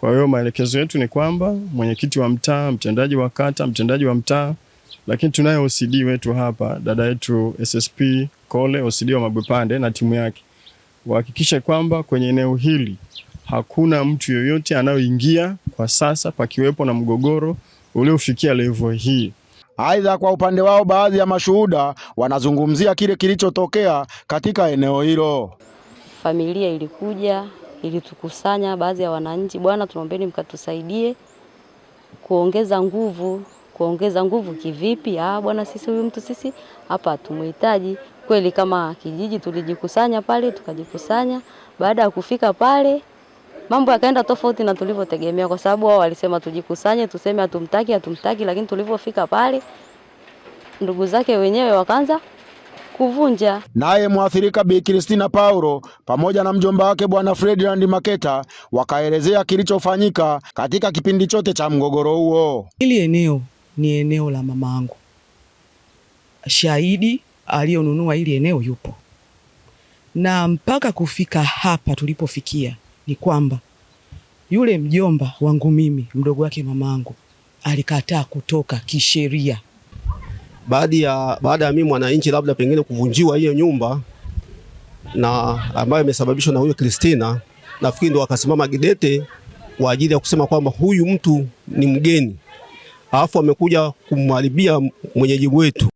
Kwa hiyo maelekezo yetu ni kwamba mwenyekiti wa mtaa, mtendaji wa kata, mtendaji wa mtaa, lakini tunaye OCD wetu hapa, dada yetu SSP Kole, OCD wa Mabwepande na timu yake, wahakikishe kwamba kwenye eneo hili hakuna mtu yoyote anayoingia kwa sasa, pakiwepo na mgogoro uliofikia level hii. Aidha, kwa upande wao, baadhi ya mashuhuda wanazungumzia kile kilichotokea katika eneo hilo. Familia ilikuja ilitukusanya baadhi ya wananchi, bwana, tunaombeni mkatusaidie kuongeza nguvu. Kuongeza nguvu kivipi? Ah bwana, sisi huyu mtu sisi hapa tumuhitaji Kweli kama kijiji tulijikusanya pale, tukajikusanya. Baada ya kufika pale, mambo yakaenda tofauti na tulivyotegemea, kwa sababu wao walisema tujikusanye, tuseme hatumtaki, hatumtaki, lakini tulivyofika pale, ndugu zake wenyewe wakaanza kuvunja. Naye mwathirika Bi Kristina Paulo pamoja na mjomba wake Bwana Fredland Maketa wakaelezea kilichofanyika katika kipindi chote cha mgogoro huo. Hili eneo ni eneo la mamangu, shahidi aliyonunua hili eneo yupo, na mpaka kufika hapa tulipofikia ni kwamba yule mjomba wangu mimi, mdogo wake mamangu, alikataa kutoka kisheria baada ya baada ya mimi mwananchi labda pengine kuvunjiwa hiyo nyumba na ambayo imesababishwa na huyo Kristina, nafikiri ndo akasimama gidete kwa ajili ya kusema kwamba huyu mtu ni mgeni, alafu amekuja kumharibia mwenyeji wetu.